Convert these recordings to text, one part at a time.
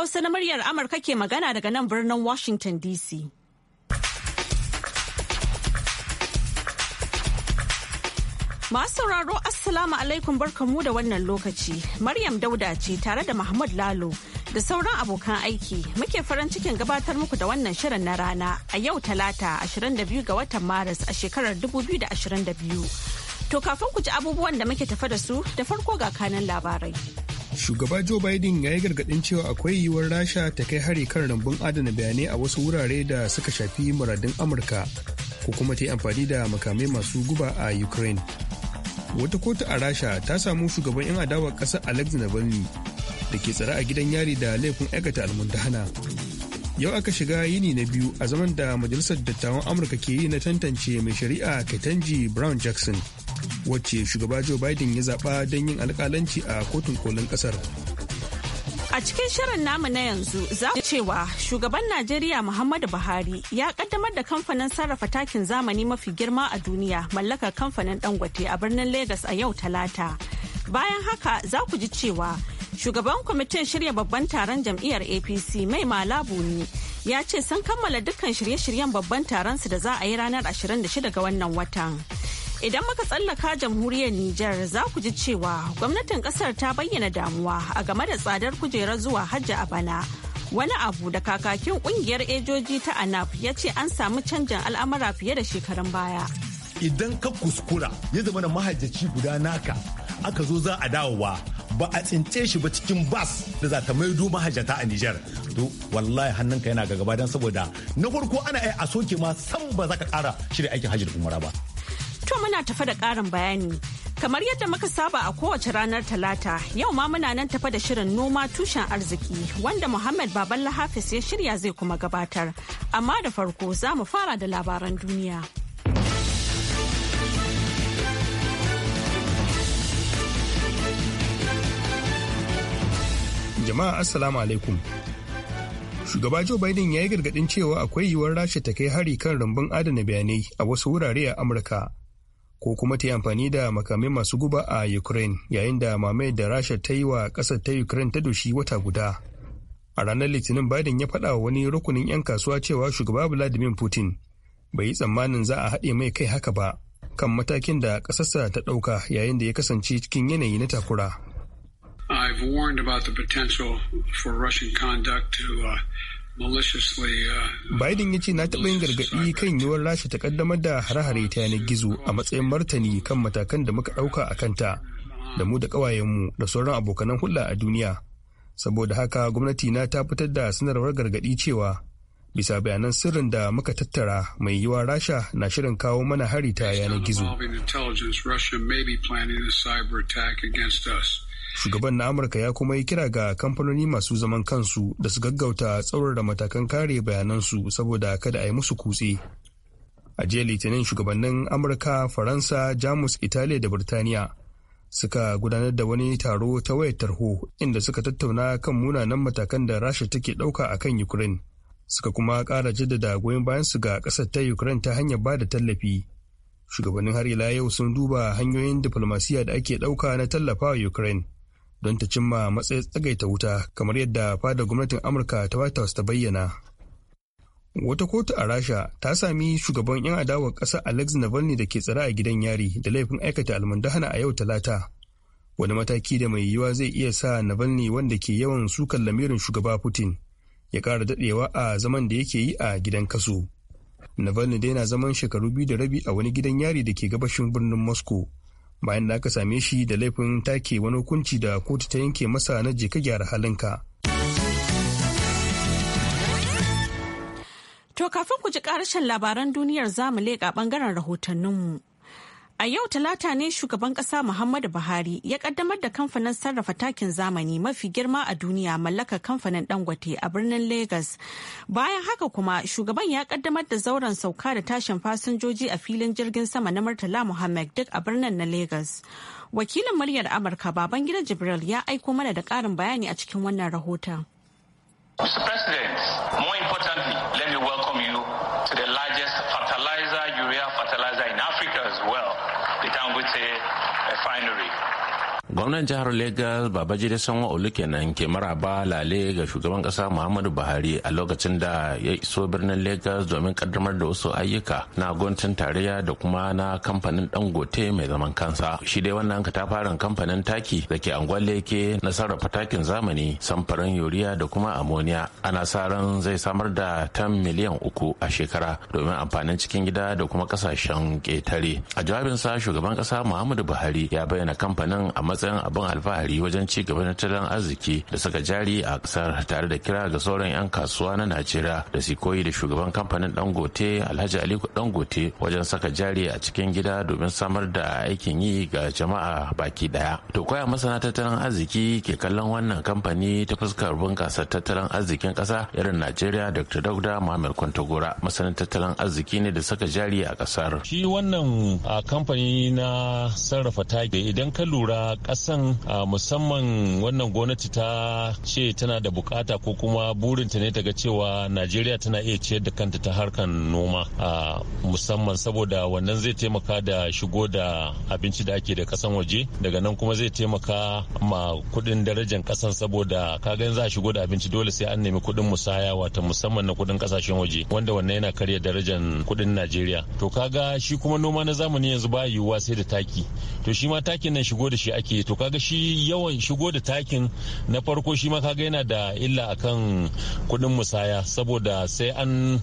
Hausa na muryar Amurka ke magana daga nan birnin Washington DC. Masu sauraro Assalamu alaikum barkamu da wannan lokaci. Maryam Dauda ce tare da Mahmud Lalo da sauran abokan aiki muke farin cikin gabatar muku da wannan shirin na rana a yau talata 22 ga watan Maris a shekarar 2022. To kafin ku ji abubuwan da muke tafa da su da farko ga kanan labarai. shugaba joe biden ya yi gargadin cewa akwai yiwuwar rasha ta kai hari kan rambun adana bayanai a wasu wurare da suka shafi muradun amurka ko kuma ta yi amfani da makamai masu guba a ukraine wata kotu a rasha ta samu shugaban 'yan adawar ƙasar alex navalny da ke tsare a gidan yari da laifin aikata almundahana yau aka shiga yini na biyu a zaman da majalisar dattawan amurka ke yi na tantance mai shari'a ketanji brown jackson wacce shugaba joe biden ya zaba don yin alkalanci a kotun kolin kasar. A cikin shirin namu na yanzu za ku cewa shugaban Najeriya Muhammadu Buhari ya kaddamar da kamfanin sarrafa takin zamani mafi girma a duniya mallakar kamfanin Dangote a birnin Legas a yau Talata. Bayan haka za ku ji cewa shugaban kwamitin shirya babban taron jam'iyyar APC mai malabu ne ya ce sun kammala dukkan shirye-shiryen babban taron su da za a yi ranar 26 ga wannan watan. Idan muka tsallaka jamhuriyar Nijar za ku ji cewa gwamnatin kasar ta bayyana damuwa a game da tsadar kujerar zuwa hajji a bana. Wani abu da kakakin kungiyar ejoji ta ANAP ya ce an samu canjin al'amura fiye da shekarun baya. Idan ka kuskura ya zama da mahajjaci guda naka aka zo za a dawowa ba a tsince shi ba cikin bas da za ta maido mahajjata a Nijar. To wallahi hannunka yana ga gaba don saboda na farko ana a soke ma san ba za ka kara shirya aikin hajji da umara ba. muna tafa da ƙarin bayani. Kamar yadda muka saba a kowace ranar Talata, yau ma muna nan tafa da shirin noma tushen arziki wanda Muhammad Baballa Hafiz ya shirya zai kuma gabatar. Amma da farko za mu fara da labaran duniya. Jama'a Assalamu alaikum. Shugaba Joe Biden ya yi gargaɗin cewa akwai yiwuwar Rasha ta kai hari kan rumbun adana bayanai a wasu wurare a Amurka. ko kuma ta yi amfani da makamai masu guba a ukraine yayin da mamayar da rasha ta yi wa ƙasar ta ukraine ta doshi wata guda a ranar litinin biden ya faɗa wa wani rukunin 'yan kasuwa cewa shugaba vladimir putin bai yi tsammanin za a haɗe mai kai haka ba kan matakin da ƙasarsa ta ɗauka yayin da ya kasance cikin yanayi na takura I've warned about the potential for Russian conduct to uh, Biden ya ce na taɓa yin gargaɗi kan yiwuwar Rasha ta kaddamar da hare-hare ta yanar gizo a matsayin martani kan matakan da muka ɗauka a kanta da mu da ƙawayenmu da sauran abokanan hulɗa a duniya. Saboda haka gwamnati na ta fitar da sanarwar gargaɗi cewa bisa bayanan sirrin da muka tattara mai yiwa rasha na shirin kawo mana hari ta yanar gizo shugaban na amurka ya kuma yi kira ga kamfanoni masu zaman kansu da su gaggauta tsaurar da matakan kare bayanansu saboda kada a yi musu kutse a jiya litinin shugabannin amurka faransa jamus italiya da birtaniya suka gudanar da wani taro ta wayar tarho inda suka tattauna kan munanan matakan da rasha take ɗauka a kan ukraine suka kuma ƙara jaddada goyon bayansu ga ƙasar ta ukraine ta hanyar ba da tallafi shugabannin har ila yau sun duba hanyoyin diflomasiyya da ake ɗauka na tallafawa ukraine don ta cimma matsayin tsagaita wuta kamar yadda fadar gwamnatin amurka ta white house ta bayyana wata kotu a rasha ta sami shugaban 'yan adawar ƙasa alex navalny da ke tsara a gidan yari da laifin aikata almundahana a yau talata wani mataki da mai yiwuwa zai iya sa navalny wanda ke yawan sukan lamirin shugaba putin ya kara daɗewa a zaman da yake yi a gidan kaso navalny dai na zaman shekaru biyu da rabi a wani gidan yari da ke gabashin birnin moscow bayan da aka same shi da laifin take wani hukunci da kotu ta yanke masa na jeka gyara halinka. To kafin ku ji ƙarashin labaran duniyar zamu leƙa ɓangaren rahotanninmu. A yau talata ne shugaban kasa Muhammadu Buhari ya kaddamar da kamfanin sarrafa takin zamani mafi girma a duniya mallaka kamfanin Dangote a birnin Legas. Bayan haka kuma shugaban ya kaddamar da zauren sauka da tashin fasinjoji a filin jirgin sama na Murtala Muhammad duk a birnin na Legas. Wakilin muryar Amurka baban gidan Jibril ya aiko mana da karin bayani a cikin wannan rahoton. gwamnan jihar lagos da sanwa olu kenan ke maraba lale ga shugaban kasa muhammadu buhari a lokacin da ya iso birnin Legas domin kaddamar da wasu ayyuka na gwamnatin tarayya da kuma na kamfanin dangote mai zaman kansa shi dai wannan ka ta fara kamfanin taki da ke anguwar leke na sarrafa takin zamani samfarin yuriya da kuma amoniya ana sa ran zai samar da tan miliyan uku a shekara domin amfanin cikin gida da kuma kasashen ketare a jawabinsa shugaban kasa muhammadu buhari ya bayyana kamfanin a matsayin matsayin abin alfahari wajen ci gaba na tattalin arziki da saka jari a kasar tare da kira ga sauran 'yan kasuwa na najeriya da su koyi da shugaban kamfanin dangote alhaji aliko dangote wajen saka jari a cikin gida domin samar da aikin yi ga jama'a baki daya to koya masana tattalin arziki ke kallon wannan kamfani ta fuskar bunkasa tattalin arzikin kasa irin najeriya dr dauda muhammad kwantagora masanin tattalin arziki ne da saka jari a kasar shi wannan kamfani na sarrafa taki idan ka lura son musamman wannan gwamnati ta ce tana da bukata ko kuma burinta ne daga cewa najeriya tana iya ciyar da kanta ta harkan noma musamman saboda wannan zai taimaka da shigo da abinci da ake da kasan waje daga nan kuma zai taimaka ma kudin darajar kasan saboda kaga za a shigo da abinci dole sai an nemi kudin musaya wata musamman na kudin kasashen waje wanda wannan yana karya darajar kudin najeriya to kaga shi kuma noma na zamani yanzu ba yiwuwa sai da taki to shi ma takin nan shigo da shi ake to kaga shi yawan shigo da takin na farko shi ma kaga yana da illa akan kudin musaya saboda sai an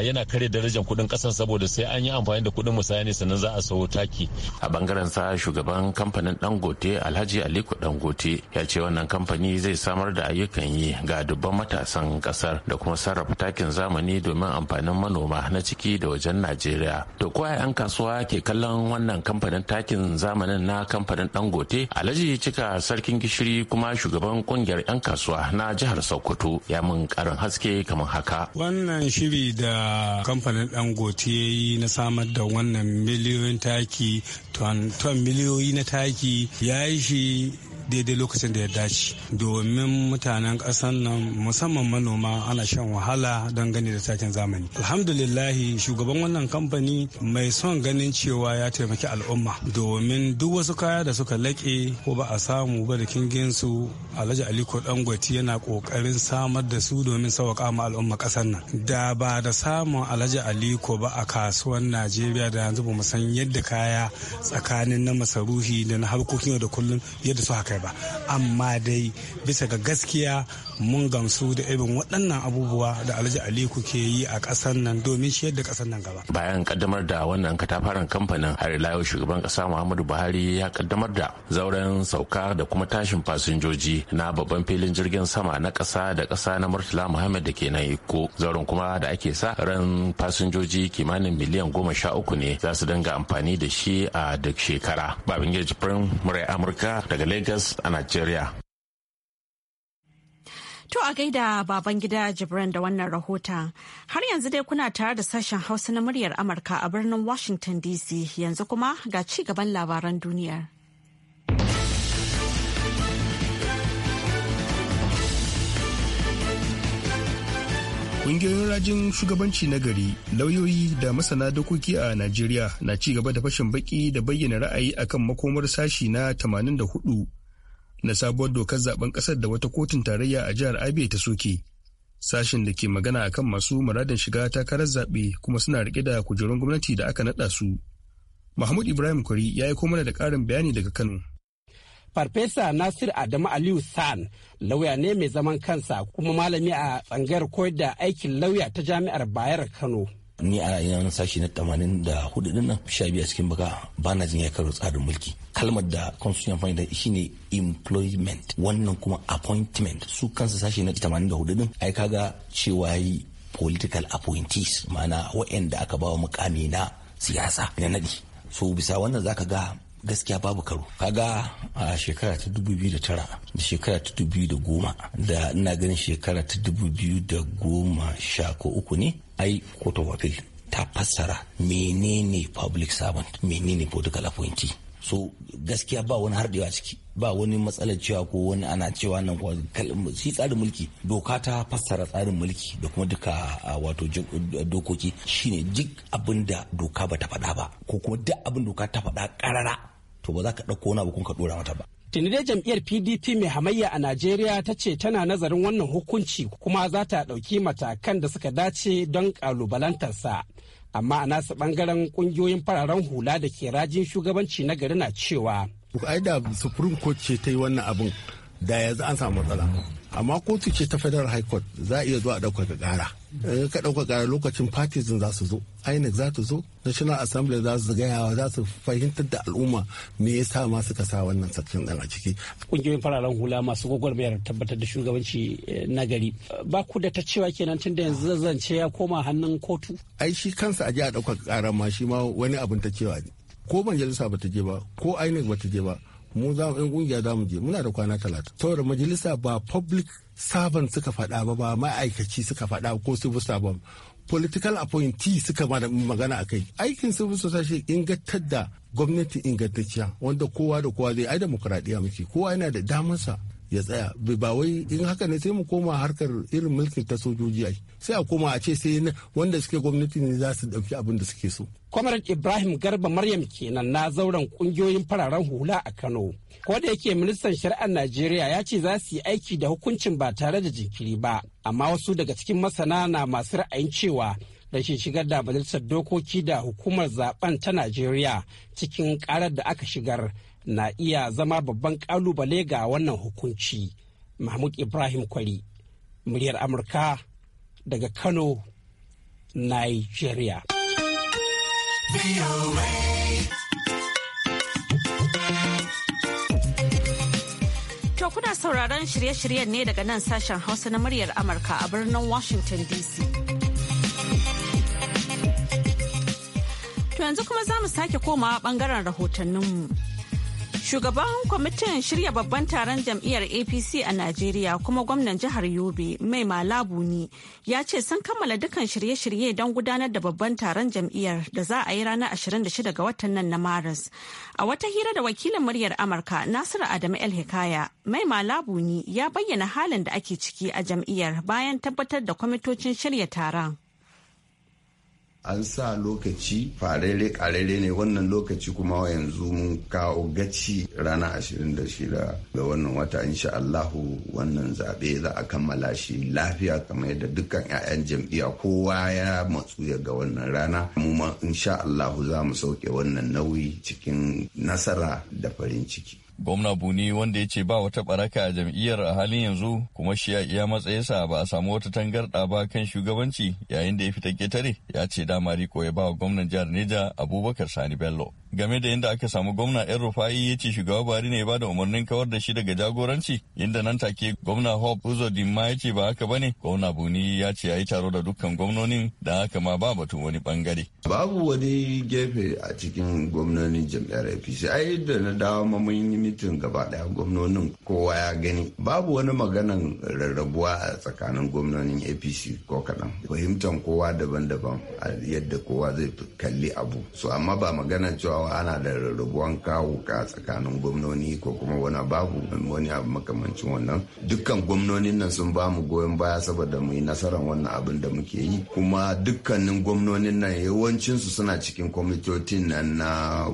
yana kare darajar kudin kasan saboda sai an yi amfani da kudin musaya ne sannan za a sayo taki a bangaren sa shugaban kamfanin dangote alhaji aliko dangote ya ce wannan kamfani zai samar da ayyukan yi ga dubban matasan kasar da kuma sarrafa takin zamani domin amfanin manoma na ciki da wajen najeriya to kowa yan kasuwa ke kallon wannan kamfanin takin zamanin na kamfanin dangote alhaji cika sarkin gishiri kuma shugaban kungiyar 'yan kasuwa na jihar sokoto ya mun karin haske kamar haka wannan shiri da kamfanin dangote ya yi na samar da wannan miliyoyin taki ton miliyoyi na taki ya yi shi daidai lokacin da ya dace domin mutanen ƙasar nan musamman manoma ana shan wahala don gani da takin zamani alhamdulillahi shugaban wannan kamfani mai son ganin cewa ya taimaki al'umma domin duk wasu kaya da suka laƙe ko ba a samu ba da kingin su alhaji aliko dangote yana ƙoƙarin samar da su domin sauƙa ma al'umma ƙasar nan da ba da samun alhaji aliko ba a kasuwan najeriya da yanzu ba mu san yadda kaya tsakanin na masarufi da na harkokin da kullum yadda su haka ba amma dai bisa ga gaskiya mun gamsu da irin waɗannan abubuwa da alhaji aliku ke yi a ƙasar nan domin shi yadda ƙasar nan gaba bayan kaddamar da wannan katafaren kamfanin har yau shugaban ƙasa muhammadu buhari ya kaddamar da zauren sauka da kuma tashin fasinjoji na babban filin jirgin sama na ƙasa da ƙasa na murtala muhammad da ke nan iko zauren kuma da ake sa ran fasinjoji kimanin miliyan goma sha uku ne za su dinga amfani da shi a duk shekara babin gejifin murai amurka daga lagos a Najeriya. To a gaida baban gida Jibran da wannan rahota. Har yanzu dai kuna tare da sashen Hausa na muryar Amurka a birnin Washington DC yanzu kuma ga ci gaban labaran duniyar. Ƙungiyoyin rajin shugabanci nagari lauyoyi da masana dokoki a Najeriya na ci gaba da fashin baki da bayyana ra'ayi akan makomar sashi na 84 na sabuwar dokar zaben kasar da wata kotun tarayya a jihar Abia ta soke. Sashen da ke magana akan masu muradin shiga takarar zaɓe kuma suna rike da kujerun gwamnati da aka naɗa su. Mahmud Ibrahim Kwari ya yi mana da ƙarin bayani daga Kano. Farfesa Nasir Adamu Aliyu San lauya ne mai zaman kansa kuma malami a tsangayar koyar da aikin lauya ta jami'ar Bayar Kano. ni a yan sashi na tamanin da din nan sha biyu a cikin baka ba na jin ya karo tsarin mulki kalmar da constitution amfani shi ne employment wannan kuma appointment su kansa sashi na tamanin da hudu din ai kaga cewa yi political appointees ma'ana wa'anda aka ba wa mukami na siyasa na nadi so bisa wannan zaka ga gaskiya babu karo kaga a shekara ta dubu biyu da tara da shekara ta dubu biyu da goma da ina ganin shekara ta dubu biyu da goma sha ko uku ne ai court of appeal ta fassara menene public servant menene political appointee so gaskiya ba wani harɗewa ciki ba wani matsalar cewa ko wani ana cewa nan shi tsarin mulki doka ta fassara tsarin mulki da kuma duka wato dokoki shine duk abin da doka ba ta faɗa ba ko kuma duk abin doka ta faɗa ƙarara to ba za ka ɗauko wani abu kun ka ɗora mata ba tuni dai jam'iyyar pdp mai hamayya a najeriya ta ce tana nazarin wannan hukunci kuma za ta ɗauki matakan da suka dace don ƙalubalantarsa amma a nasa bangaren kungiyoyin fararen hula da ke rajin shugabanci na gari na cewa ai da supreme court ce ta yi wannan abin da yanzu an samu matsala amma kotu ce ta federal high court za a iya zuwa a ɗaukaka ƙara in ka ɗauka ƙara lokacin partisan za su zo inec za ta zo national assembly za su gayawa za su fahimtar da al'umma me ya sa ma suka sa wannan sakin ɗan a ciki ƙungiyoyin fararen hula masu gwagwarmayar tabbatar da shugabanci eh, na gari ba ku da ta cewa kenan tun da yanzu zance ya koma hannun kotu ai shi kansa a je a ɗaukaka gara ma shi ma wani abin ta cewa ko majalisa ba ta je ba ko inec ba ta je ba mu za mu kungiya za mu je muna da kwana talatin saboda majalisa ba public servant suka faɗa ba ba ma'aikaci suka faɗa ko civil servant political appointee suka ba magana a kai aikin civil society ingantar da gwamnati ingantacciya wanda kowa da kowa zai ai demokuraɗiyya muke kowa yana da damarsa ya tsaya ba wai in haka ne sai mu koma harkar irin mulkin ta sojoji ai sai a koma a ce sai wanda suke gwamnati ne za su dauki abin da suke so kwamarar ibrahim garba maryam kenan na zauren kungiyoyin fararen hula a kano ko da yake ministan shari'ar najeriya ya ce za su yi aiki da hukuncin ba tare da jinkiri ba amma wasu daga cikin masana na masu ra'ayin cewa rashin shigar da majalisar dokoki da hukumar zaben ta najeriya cikin karar da aka shigar na iya zama babban kalubale ga wannan hukunci. Mahmud Ibrahim Kwari, muryar Amurka daga Kano, Nigeria. To kuna sauraron shirye-shiryen ne daga nan sashen Hausa na muryar Amurka a birnin Washington DC. To yanzu kuma za mu sake komawa bangaren rahotanninmu. Shugaban kwamitin shirya babban taron jam'iyyar APC a Najeriya kuma gwamnan jihar Yobe mai malabu ne ya ce sun kammala dukkan shirye-shirye don gudanar da babban taron jam'iyyar da za a yi ranar 26 ga watan nan na Maris. A wata hira da wakilin muryar Amurka Nasiru Adamu El Hikaya mai malabu ne ya bayyana halin da ake ciki a jam'iyyar bayan tabbatar da kwamitocin shirya taron. an sa lokaci farere karere ne wannan lokaci kuma yanzu mun kawo gaci rana 26 ga wannan wata insha Allahu wannan zaɓe za a kammala shi lafiya kamar yadda dukkan 'ya'yan jam'iyya kowa ya matsu ya ga wannan rana mu ma insha Allahu za mu sauke wannan nauyi cikin nasara da farin ciki Gwamna Buni wanda ya ce ba wata baraka a jam'iyyar a halin yanzu kuma shi ya iya matsayinsa ba a samu wata tangarɗa ba kan shugabanci yayin da ya fita ƙetare ya ce dama riko ya ba wa gwamnan jihar Neja Abubakar Sani Bello. Game da yadda aka samu gwamna ‘yan rufa'i ya ce shugaba Buhari ne ya ba da umarnin kawar da shi daga jagoranci inda nan take gwamna Hope Uzodinma ya ce ba haka ba ne. Gwamna Buni ya ce ya yi taro da dukkan gwamnonin da haka ma ba batun wani bangare. Babu wani gefe a cikin gwamnonin jam'iyyar APC ai da na dawo mamayin gwamnatin gaba daya gwamnonin kowa ya gani babu wani maganan rarrabuwa a tsakanin gwamnonin apc ko kaɗan fahimtar kowa daban-daban a yadda kowa zai kalli abu su amma ba magana cewa ana da rarrabuwan kawo ka tsakanin gwamnoni ko kuma wani babu wani abu makamancin wannan dukkan gwamnonin nan sun ba mu goyon baya saboda mu yi nasarar wannan abin da muke yi kuma dukkanin gwamnonin nan yawancinsu suna cikin kwamitocin nan na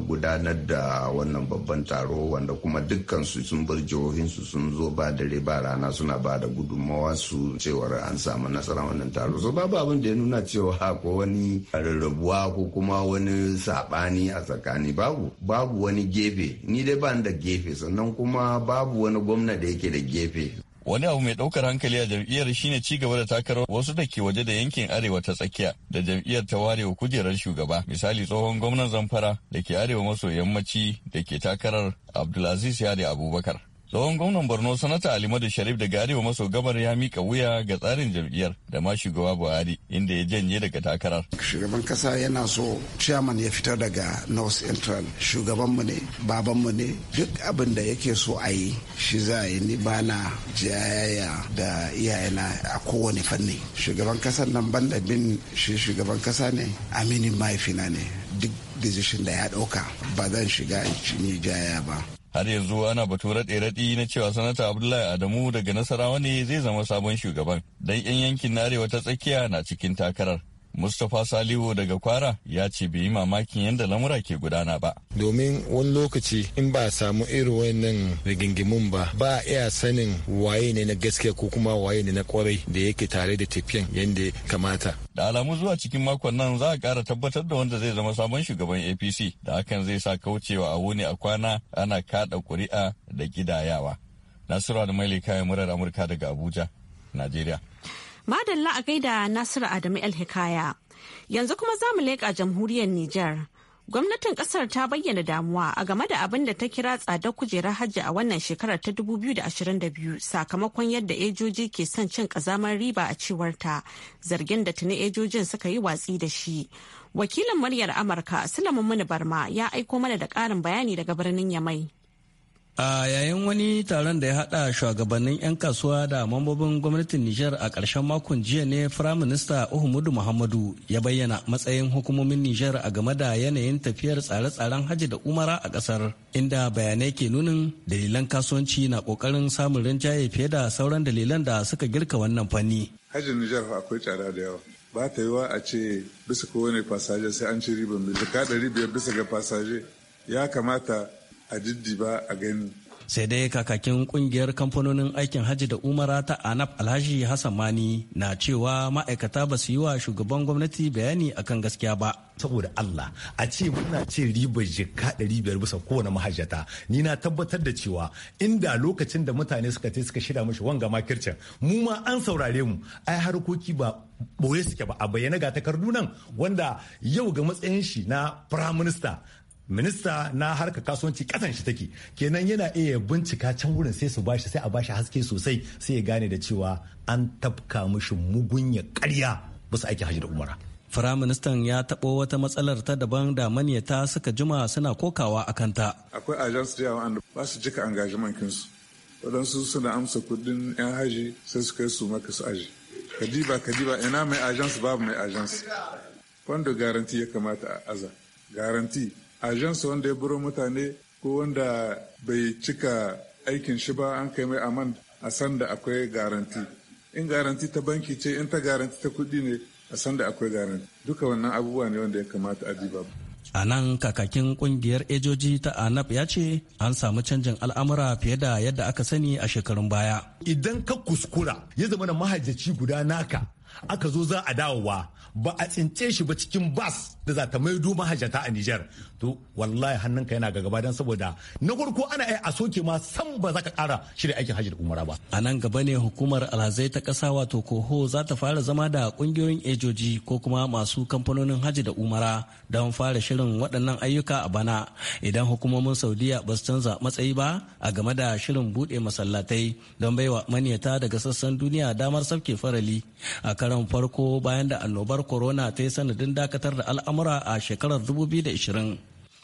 gudanar da wannan babban taro wanda kuma dukkan su sun bar jihohinsu sun zo ba dare ba rana suna ba da gudunmawa su cewar an samu nasara wannan taro so babu abin da ya nuna cewa ko wani rarrabuwa ko kuma wani sabani a tsakani babu babu wani gefe ni dai ban da gefe sannan kuma babu wani gwamna da yake da gefe wani abu mai ɗaukar hankali a jam'iyyar shine ci gaba da takarar wasu da ke waje da yankin arewa ta tsakiya da jam'iyyar ta ware wa kujerar shugaba misali tsohon gwamnan zamfara da ke arewa maso yammaci da ke takarar abdulaziz yari abubakar tsohon gwamnan borno sanata alimadu sharif gari wa maso gabar ya mika wuya ga tsarin jam'iyyar da ma shugaba buhari inda ya janye daga takarar shugaban kasa yana so chairman ya fitar daga north central shugabanmu ne babanmu ne duk abin da yake so a yi shi za a yi ni ba na jayaya da iyayena a kowane fanni shugaban kasar nan banda bin shi shugaban kasa ne aminin mahaifina ne duk decision da ya dauka ba zan shiga in jaya ba har yanzu ana batun raɗe-raɗi na cewa sanata abdullahi adamu daga nasarawa ne zai zama sabon shugaban don 'yan yankin na arewa ta tsakiya na cikin takarar Mustapha saliwo daga Kwara ya ce bai yi mamakin yadda lamura ke gudana ba. Domin wani lokaci in ba samu irin wannan rigingimun ba ba a iya sanin waye ne na gaskiya ko kuma waye ne na kwarai da yake tare da tafiyan yadda kamata. Da alamu zuwa cikin makon nan za a kara tabbatar da wanda zai zama sabon shugaban APC da hakan zai sa kaucewa a wuni a kwana ana kada kuri'a da gidayawa. Nasiru da kayan murar Amurka daga Abuja, Najeriya. Madalla a gaida Nasiru Adamu El Yanzu kuma za mu leƙa jamhuriyar Nijar. Gwamnatin ƙasar ta bayyana damuwa a game da abin da ta kira tsadar kujerar hajji a wannan shekarar ta 2022 sakamakon yadda ejoji ke son cin ƙazamar riba a cewarta zargin da tuni ejojin suka yi watsi da shi. Wakilin muryar Amurka Sulaiman Muni Barma ya aiko mana da ƙarin bayani daga birnin Yamai. a yayin wani taron da ya hada shugabannin 'yan kasuwa da mambobin gwamnatin nijar a ƙarshen makon jiya ne firaminista uhumudu muhammadu ya bayyana matsayin hukumomin nijar a game da yanayin tafiyar tsare-tsaren hajji da umara a ƙasar inda bayanai ke nunin dalilan kasuwanci na ƙoƙarin samun rinjaye fiye da sauran dalilan da suka girka wannan fanni hajjin nijar akwai tsada da yawa ba ta yiwa a ce bisa kowane fasaje sai an ci ribar mai jika ɗari biyar bisa ga fasaje ya kamata a diddiba a gani sai dai kakakin kungiyar kamfanonin aikin hajji da umara ta anap alhaji hassan mani na cewa ma'aikata ba su yi wa shugaban gwamnati bayani akan gaskiya ba saboda Allah a ce muna ce ribar jika biyar bisa kowane mahajjata ni na tabbatar da cewa inda lokacin da mutane suka ce suka shirya mashi wanga makircin mu ma an saurare mu ai harkoki ba boye suke ba a bayyana ga takardu nan wanda yau ga matsayin shi na prime minister minista na harkar kasuwanci kasan shi take kenan yana iya bincika can wurin sai su bashi sai a bashi haske sosai sai ya gane da cewa an tafka mushi mugunya karya bisa aikin hajji da umara Firaministan ya taɓo wata matsalar ta daban da manyata suka jima suna kokawa a kanta. Akwai ajans da yawa ba su jika angajiman kinsu. Waɗansu suna amsa kuɗin 'yan haji sai su kai su maka su aji. Kadiba kadiba ina mai ajans babu mai ajans Wanda garanti ya kamata a aza. Garanti ajansu wanda ya buro mutane ko wanda bai cika aikin shi ba an kai mai aman a san da akwai garanti in garanti ta banki ce in ta garanti ta kudi ne a san da akwai garanti duka wannan abubuwa ne wanda ya kamata a babu. a nan kakakin kungiyar ejoji ta anap ya ce an samu canjin al'amura fiye da yadda aka sani a shekarun baya idan ka kuskura ya zama na mahajjaci guda naka aka zo za a dawowa ba a tsince shi ba cikin bas da za ta maido mahajjata a Nijar to wallahi hannunka yana ga gaba dan saboda na farko ana iya a soke ma san ba za ka kara shirya aikin hajji da umara ba a nan gaba ne hukumar alhazai ta kasa wato koho za ta fara zama da kungiyoyin ejoji ko kuma masu kamfanonin hajji da umara don fara shirin waɗannan ayyuka a bana idan hukumomin saudiya ba su canza matsayi ba a game da shirin buɗe masallatai don baiwa maniyata daga sassan duniya damar sabke farali a karan farko bayan da annobar corona ta yi sanadin dakatar da al'amura a shekarar 2020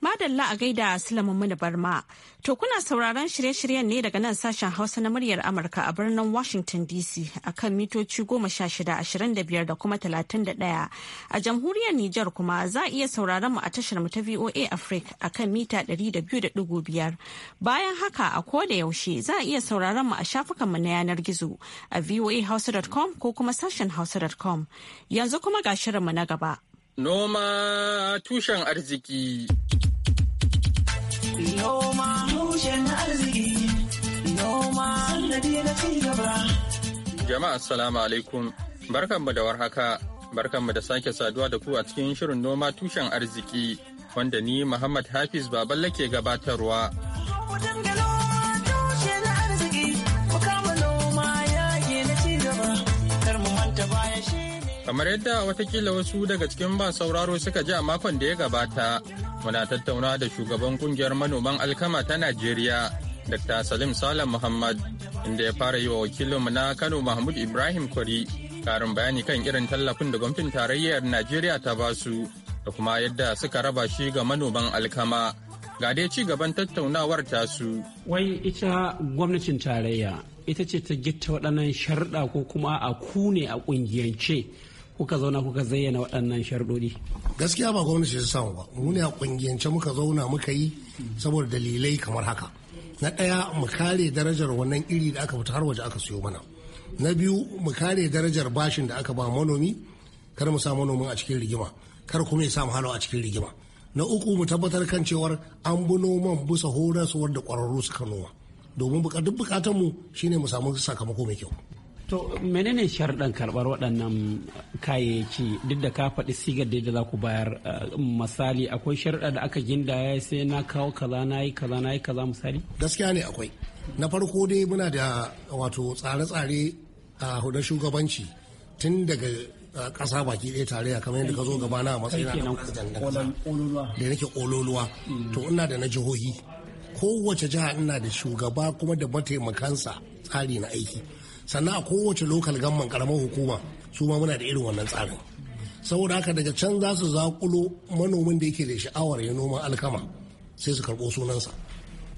Madalla a gaida Sulaiman Muni Barma. To kuna sauraron shirye-shiryen ne daga nan sashen Hausa na muryar Amurka a birnin Washington DC a kan mitoci goma sha shida da biyar da kuma talatin da ɗaya. A jamhuriyar Nijar kuma za a iya sauraron mu a tashar mu ta VOA Africa a kan mita ɗari da biyu da biyar. Bayan haka a ko da yaushe za a iya sauraron mu a shafukan mu na yanar gizo a voahausa.com ko kuma sashen hausa.com. Yanzu kuma ga shirin mu na gaba. Noma tushen arziki. Noma arziki, noma ci Jama'a Salamu alaikum, barkanmu da warhaka, barkanmu da sake saduwa da ku a cikin shirin noma tushen arziki wanda ni Muhammad Hafiz Baballe ke gabatarwa. Kamar yadda watakila wasu daga cikin ba sauraro suka ji a makon da ya gabata, muna tattauna da shugaban kungiyar manoman alkama ta Najeriya, Dr. Salim Salam Muhammad, inda ya fara yi wa wakilinmu na Kano Mahmud Ibrahim Kwari karin bayani kan irin tallafin da gwamnatin tarayyar Najeriya ta basu da kuma yadda suka raba shi ga manoman alkama. Ga dai ci gaban tattaunawar ta su Wai ita gwamnatin tarayya ita ce ta gitta waɗannan sharɗa ko kuma a ku ne a ƙungiyance. kuka zauna kuka zayyana waɗannan sharɗoɗi? Gaskiya ba gwamnati ta samu ba. Mu ne a ƙungiyance muka zauna muka yi saboda dalilai kamar haka. Na ɗaya mu kare darajar wannan iri da aka fita har waje aka siyo mana. Na biyu mu kare darajar bashin da aka ba manomi kar mu sa manomin a cikin rigima kar kuma ya samu hala a cikin rigima. Na uku mu tabbatar kan cewar an bi noman busa horaswar da ƙwararru suka noma. Domin duk bukatunmu shine mu samu sakamako mai kyau. To menene sharɗan karɓar waɗannan kayayyaki duk da ka faɗi sigar da za ku bayar eh, misali akwai sharɗa da aka gindaya sai na kawo kaza na yi kaza na yi kaza misali? Gaskiya ne akwai. Na farko dai muna da wato tsare-tsare a hudar shugabanci tun daga ƙasa baki ɗaya tare a kamar yadda ka zo gaba na matsayin da nake ololuwa to ina da na jihohi kowace jiha ina da shugaba kuma da mataimakansa tsari na aiki sannan a kowace lokal gamman karamar hukuma su ma muna da irin wannan tsarin saboda haka daga can za su zakulo manomin da yake da sha'awar ya noman alkama sai su karɓo sunansa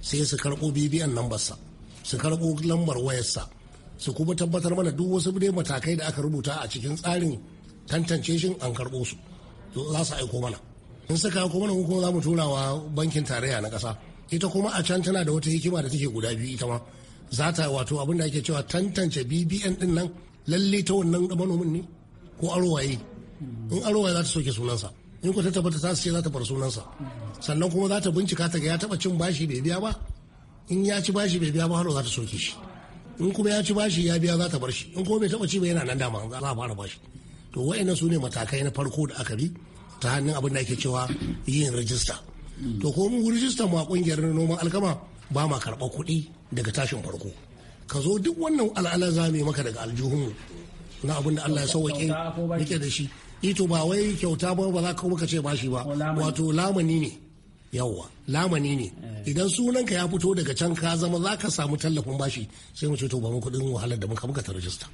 sai su karɓo bibiyan lambarsa su karɓo lambar wayarsa su kuma tabbatar mana duk wasu dai matakai da aka rubuta a cikin tsarin tantance shi an karɓo su za su aiko mana in suka aiko mana kuma za mu tura wa bankin tarayya na ƙasa ita kuma a can tana da wata hikima da take guda biyu ita ma za ta wato abin da ake cewa tantance bbn din nan lalle ta wannan manomin ne ko arowaye in arowaye za ta soke sunansa in ku ta tabbata ta ce za ta bar sunansa sannan kuma za ta bincika ta ga ya taba cin bashi bai biya ba in ya ci bashi bai biya ba har za ta soke shi in kuma ya ci bashi ya biya za ta bar shi in kuma bai taba ci ba yana nan dama za a fara bashi to wa'annan su ne matakai na farko da aka bi ta hannun abin da ake cewa yin rajista to ko mu rajista mu a kungiyar noman alkama ba ma karɓa kuɗi daga tashin farko ka zo duk wannan al'ala za mu maka daga aljuhun na abin da Allah ya sauwaƙe muke da shi ito eh ba wai kyauta ba ba za ka kuma ce bashi ba wato lamani ne yawwa lamani ne eh. idan sunanka ya fito daga can ka zama za ka samu tallafin bashi sai mu ce to ba mu kuɗin wahalar da muka muka ta rajista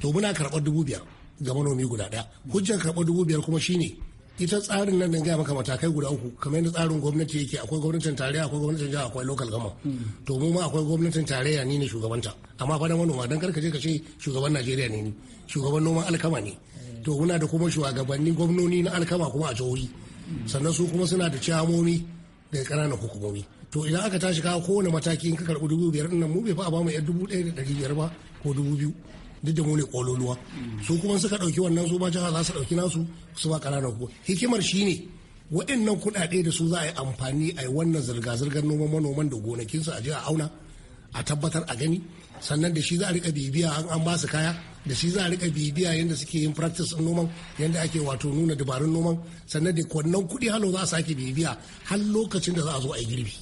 to muna karɓar dubu biyar ga manomi guda ɗaya hujjar karɓar dubu biyar kuma shine ita tsarin nan da gaya maka matakai guda uku kamar yadda tsarin gwamnati yake akwai gwamnatin tarayya akwai gwamnatin jiha akwai local gama hmm. to mu ma akwai gwamnatin tarayya ni ne shugabanta amma fa da manoma dan karka je ka ce shugaban Najeriya ne ni shugaban noman alkama ne to muna da kuma shugabanni gwamnoni na alkama kuma a jihohi sannan su kuma suna da ciyamomi daga ƙananan hukumomi to idan aka tashi kawo kowane mataki in ka karɓi dubu biyar nan mu bai fa a bamu yar dubu ɗaya da ɗari biyar ba ko dubu biyu duk da mu ne kololuwa su kuma suka dauki wannan su ba jiha za su dauki nasu su ba ƙananan hukuma hikimar shine waɗannan kuɗaɗe da su za a yi amfani a yi wannan zirga-zirgar noman manoman da gonakinsu a je a auna a tabbatar a gani sannan da shi za a rika bibiya an an ba su kaya da shi za a rika bibiya yadda suke yin practice noman yadda ake wato nuna dabarun noman sannan da wannan kuɗi halo za a sake bibiya har lokacin da za a zo a yi girbi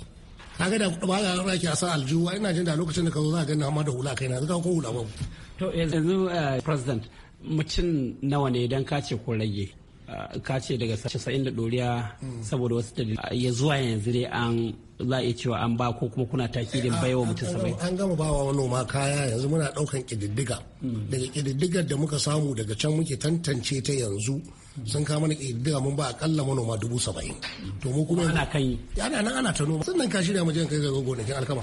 kaga da ba za a raki a sa aljihu ina jin da lokacin da ka zo za a gani amma da hula kai na zaka ko hula ba to yanzu eh, president mutum nawa ne idan kace ce ko rage eh, kace ce daga 90 da doriya saboda wasu da eh, ya zuwa yanzu dai an za a iya cewa an ba ko kuma kuna takirin baiwa mutum sabai an gama ba wa manoma kaya yanzu muna daukan kididdiga hmm. daga kididdigar da muka samu daga can muke tantance ta yanzu sun kama mana ƙididdiga mun ba akalla manoma dubu saba'in to mu kuma ana kai ana nan ana ta noma sannan ka shirya mu je kai ga gonakin alkama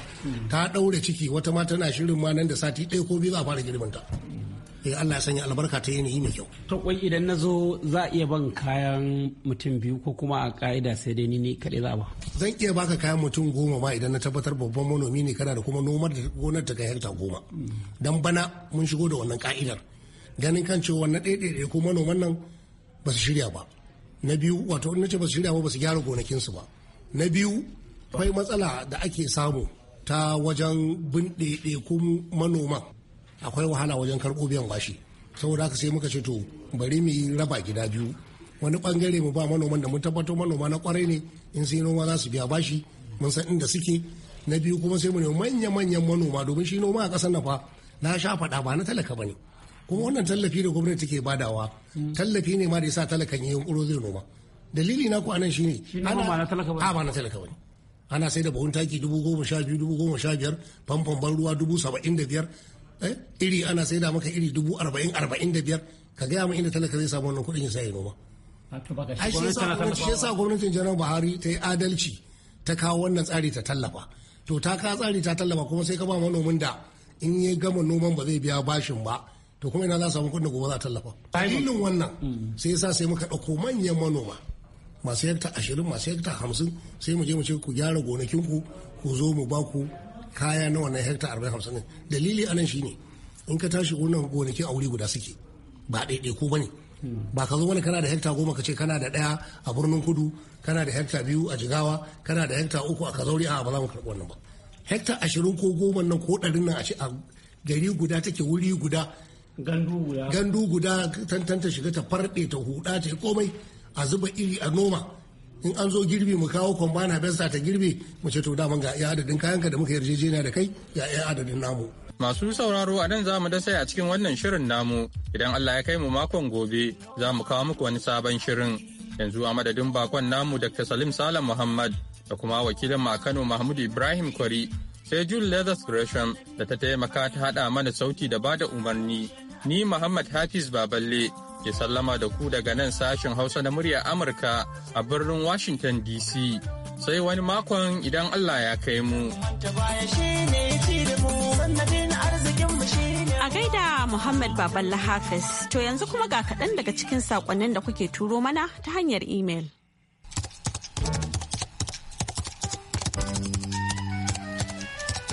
ta ɗaure ciki wata ma tana shirin ma nan da sati ɗaya ko biyu za a fara girbin ta eh Allah ya sanya albarka ta yanayi mai kyau to kai idan na zo za a iya ban kayan mutum biyu ko kuma a ka'ida sai dai ni ne kaɗai za a ba zan iya baka kayan mutum goma ma idan na tabbatar babban manomi ne kana da kuma nomar da gonar ta kai hekta goma dan bana mun shigo da wannan ka'idar ganin kan cewa na ɗaiɗaiɗai ko manoman nan ba su shirya ba na biyu wato in ce ba su shirya ba ba su gyara gonakinsu ba na biyu akwai matsala da ake samu ta wajen bin ɗaiɗaikun manoma akwai wahala wajen karɓo biyan bashi saboda haka sai muka ce to bari mu yi raba gida biyu wani ɓangare mu ba manoman da mun tabbatar manoma na kwarai ne in sai noma za su biya bashi mun san inda suke na biyu kuma sai mu nemi manya-manyan manoma domin shi noma a ƙasar na fa na sha faɗa ba na talaka ba ne kuma wannan tallafi da gwamnati take badawa Mm. tallafi ne ma da ya sa talakan yi yunkuro zai noma dalili na ku anan shine ana ba na talaka ba ba na talaka bane ana sai da buhun taki dubu goma sha biyu dubu goma sha biyar famfon ban ruwa dubu saba'in da biyar eh, iri ana sai da maka iri dubu arba'in arba'in da biyar ka gaya mu inda talaka zai samu wannan kuɗin ya sa noma. shi yasa gwamnatin janar buhari ta yi adalci ta kawo wannan tsari ta tallafa to ta ka tsari ta tallafa kuma sai ka ba manomin da in ya gama noman ba zai biya bashin ba to kuma ina za samu kudin gobe za a tallafa dalilin wannan sai yasa sai muka ɗauko manyan manoma masu hekta ashirin masu hekta hamsin sai mu je mu ce ku gyara gonakinku ku zo mu ba ku kaya na wannan hekta arba'in hamsin ɗin dalili anan shine in ka tashi wannan gonakin a wuri guda suke ba ɗaiɗai ko bane ba ka zo wani kana da hekta goma ka ce kana da ɗaya a birnin kudu kana da hekta biyu a jigawa kana da hekta uku a kazauri a ba za mu karɓi wannan ba hekta ashirin ko goma nan ko ɗarin nan a ce a gari guda take wuri guda gandu guda tantanta shiga ta farɗe ta huda ta komai a zuba iri a noma in an zo girbi mu kawo kwambana besta ta girbi mu ce to da ga iya adadin kayanka da muka yarjejeniya da kai ga iya adadin namu Masu sauraro a nan za mu dasa a cikin wannan shirin namu idan Allah ya kai mu makon gobe za mu kawo muku wani sabon shirin. Yanzu a madadin bakon namu Dr. Salim Salam Muhammad da kuma wakilin a Kano Mahmud Ibrahim Kwari sai Jul Leathers Gresham da ta taimaka ta haɗa mana sauti da bada umarni. ni Muhammad Hafiz Baballe ke sallama da ku daga nan sashen Hausa na murya Amurka a birnin Washington DC. Sai wani makon idan Allah ya kai mu. A gaida Muhammad Baballa Hafiz, to yanzu kuma ga kaɗan daga cikin saƙonnin da kuke turo mana ta hanyar imel.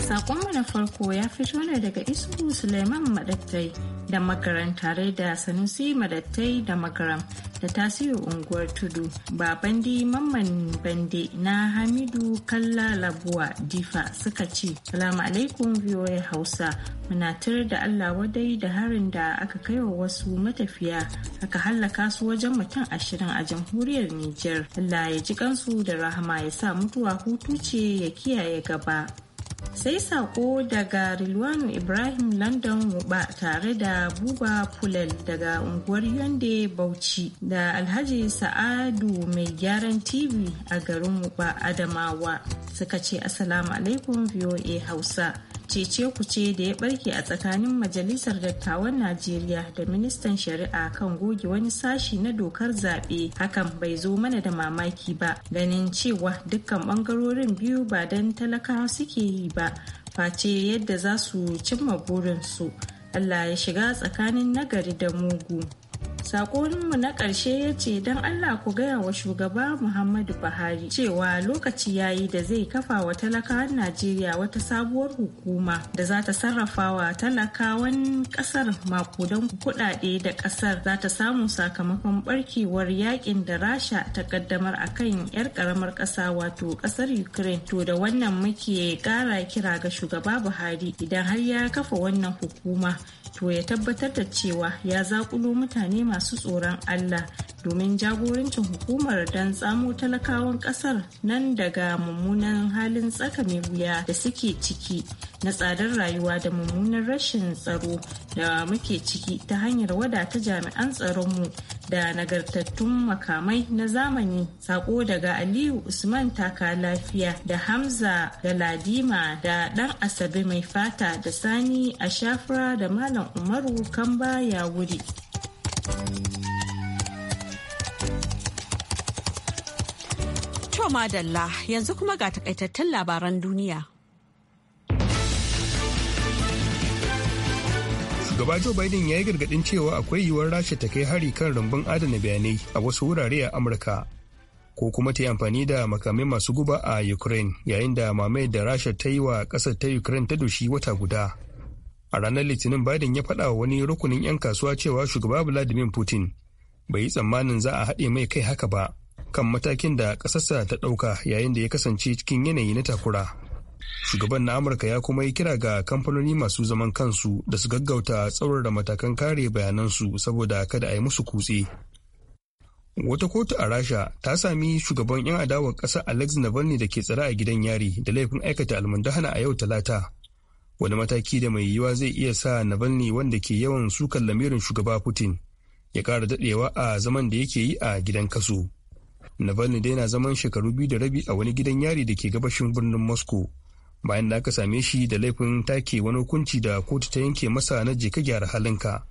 sakon na farko ya fito ne daga isu Suleiman Madattai da makaran tare da Sanusi Madattai da makaran da tasiri Unguwar Tudu, ba Babandi Mamman Bande na Hamidu Kalla Labuwa Difa suka ce, Salamu alaikum viyoyi Hausa, muna munatar da Allah wadai da harin da aka kai wa wasu matafiya aka hallaka su wajen mutum ashirin a jamhuriyar Nijar. Allah ya ji kansu da rahama ya sa mutuwa hutu ce ya kiyaye gaba. sai sako daga rilwan ibrahim london wuba tare da buba pulel daga unguwar yonde bauchi da alhaji sa'adu mai gyaran tv a garin wuba adamawa suka ce asalamu alaikum voa hausa cece ku ce da ya barke a tsakanin majalisar dattawan najeriya da ministan shari'a kan goge wani sashi na dokar zaɓe hakan bai zo mana da mamaki ba ganin cewa dukkan ɓangarorin biyu ba don talakawa suke yi ba face yadda za su cimma burinsu allah ya shiga tsakanin nagari da mugu Sakoninmu na ƙarshe ya ce don Allah ku gaya wa shugaba Muhammadu Buhari cewa lokaci ya yi da zai kafa wa talakawan Najeriya wata sabuwar hukuma da za ta sarrafa wa talakawan ƙasar makudan kuɗaɗe da ƙasar za ta samu sakamakon barkewar yakin da Rasha ta ƙaddamar a kan 'yar ƙaramar ƙasa wato ƙasar Ukraine. To da wannan muke ƙara kira ga shugaba Buhari idan har ya kafa wannan hukuma to ya tabbatar da cewa ya zaƙulo mutane masu masu tsoron Allah domin jagorancin hukumar don tsamo talakawan kasar nan daga mummunan halin tsaka mai wuya da suke ciki na tsadar rayuwa da mummunan rashin tsaro da muke ciki ta hanyar wadata jami'an tsaronmu da nagartattun makamai na zamani sako daga aliyu usman taka lafiya da hamza da ladima da dan asabe mai fata da sani ashafra da malam umaru kamba ya wuri Toma madalla yanzu kuma ga takaitattun labaran duniya. Shugaba Joe Biden ya yi gargaɗin cewa akwai yiwuwar Rasha ta kai hari kan rumbun adana bayanai a wasu wurare a Amurka ko kuma ta yi amfani da makamai masu guba a Ukraine yayin da mamayar da Rasha ta yi wa ƙasar ta Ukraine ta doshi wata guda. a ranar litinin biden ya faɗa wani rukunin 'yan kasuwa cewa shugaba vladimir putin bai yi tsammanin za a haɗe mai kai haka ba kan matakin da ƙasarsa ta ɗauka yayin da ya kasance cikin yanayi na takura shugaban na amurka ya kuma yi kira ga kamfanoni masu zaman kansu da su gaggauta tsaurara matakan kare bayanansu saboda kada a yi musu kutse wata kotu a rasha ta sami shugaban 'yan adawar ƙasa alex navalny da ke tsare a gidan yari da laifin aikata almundahana a yau talata wani mataki da mai yiwuwa zai iya sa navalny wanda ke yawan sukan lamirin shugaba putin ya kara daɗewa a zaman da yake yi a gidan kaso navalny dai na zaman shekaru biyu da rabi a wani gidan yari da ke gabashin birnin moscow bayan da aka same shi da laifin take wani hukunci da kotu ta yanke masa na ka gyara halinka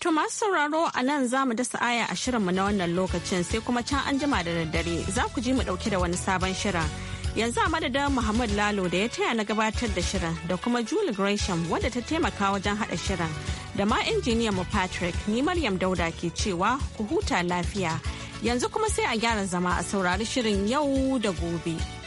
To masu sauraro a nan za mu dasa aya a shirinmu na wannan lokacin sai kuma can an jima da daddare za ku ji mu ɗauke da wani sabon shirin. yanzu a madadin muhammad lalo da ya taya na gabatar da shirin da kuma julie gresham wadda ta taimaka wajen hada shirin da ma injiniyan mu patrick ni maryam dauda ke cewa ku huta lafiya yanzu kuma sai a gyara zama a saurari shirin yau da gobe.